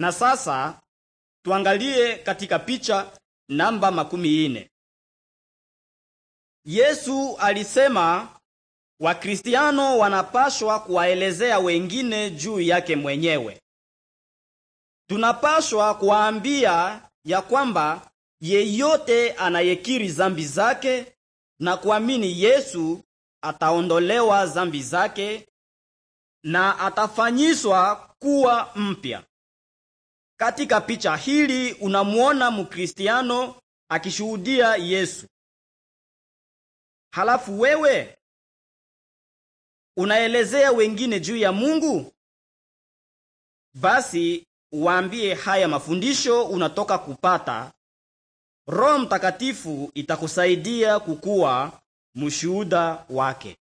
Na sasa tuangalie katika picha namba makumi ine. Yesu alisema Wakristiano wanapashwa kuwaelezea wengine juu yake mwenyewe. Tunapashwa kuwaambia ya kwamba yeyote anayekiri zambi zake na kuamini Yesu ataondolewa zambi zake na atafanyiswa kuwa mpya. Katika picha hili unamuona Mkristiano akishuhudia Yesu. Halafu wewe unaelezea wengine juu ya Mungu? Basi waambie haya mafundisho unatoka kupata. Roho Mtakatifu itakusaidia kukuwa mshuhuda wake.